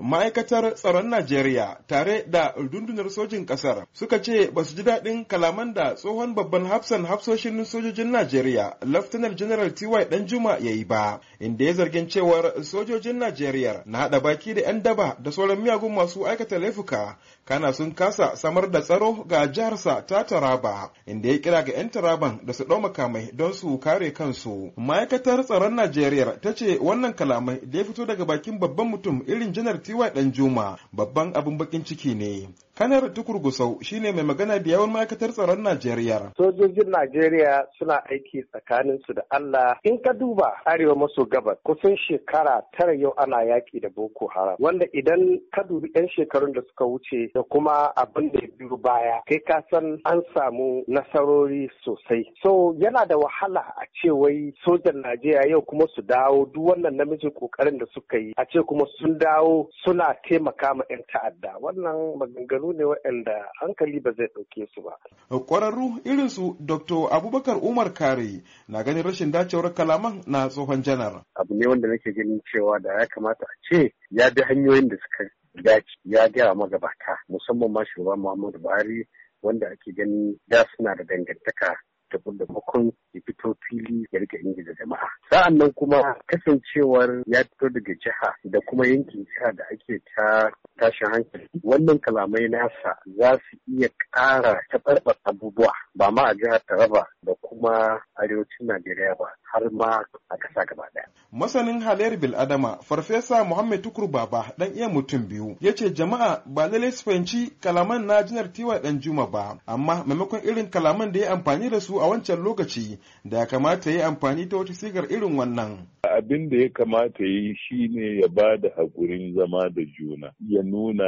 ma'aikatar tsaron Najeriya tare da rundunar sojin ƙasar suka ce ba su ji daɗin kalaman da tsohon babban hafsan hafsoshin sojojin Najeriya Laftanar General T.Y. Juma ya yi ba, inda ya zargin cewar sojojin Najeriya na haɗa baki da 'yan daba da sauran miyagun masu aikata laifuka, kana sun kasa samar da tsaro ga jiharsa ta Taraba, inda ya kira ga 'yan Taraban da su ɗau makamai don su kare kansu. Ma'aikatar tsaron Najeriya ta ce wannan kalamai da ya fito daga bakin babban mutum irin Janar Tiwa Danjuma babban abin bakin ciki ne kanar tukur gusau shine mai magana da yawan ma'aikatar tsaron najeriya sojojin najeriya suna aiki tsakanin su da allah in ka duba arewa maso gabas kusan shekara tara yau ana yaki da boko haram wanda idan ka dubi yan shekarun da suka wuce da kuma abin da ya biyo baya kai ka san an samu nasarori sosai so yana da wahala a ce wai sojan najeriya yau kuma su dawo duk wannan namiji kokarin da suka yi a ce kuma sun dawo suna taimaka ma 'yan ta'adda wannan maganganu maganganu ne waɗanda hankali ba zai ɗauke su ba. Ƙwararru irin su Dr. Abubakar Umar Kare na ganin rashin dacewar kalaman na tsohon janar. Abu ne wanda nake ganin cewa da ya kamata a ce ya bi hanyoyin da suka dace ya gaya magabata musamman ma shugaban Muhammadu Buhari wanda ake ganin da suna da dangantaka daban da ya fito fili ya rika da jama'a sa'an nan kuma kasancewar ya fito daga jiha da kuma yankin jiha da ake ta tashin hankali wannan kalamai nasa za su iya ƙara taɓarɓar abubuwa ba ma a jihar taraba da kuma arewacin najeriya ba har ma a ƙasa gaba ɗaya. Masanin halayyar Biladama, Farfesa Muhammad Tukur Baba, ɗan iya mutum biyu, ya ce jama'a ba lallai su fahimci kalaman na jinar Tiwa ɗan Juma ba, amma maimakon irin kalaman da ya amfani da su a wancan lokaci da ya kamata ya amfani ta wata sigar irin wannan. abin da ya kamata ya yi shine ya ba da haƙurin zama da juna ya nuna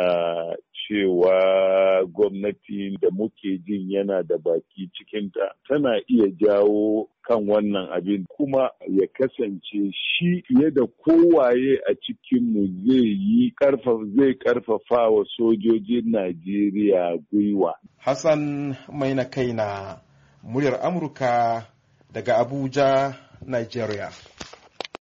cewa gwamnati da muke jin yana da baki cikinta tana iya jawo kan wannan abin kuma ya kasance shi fiye da kowaye a cikinmu zai yi zai karfafa wa sojojin Najeriya gwiwa. Hassan mai na kai na muryar Amurka daga Abuja, Nigeria.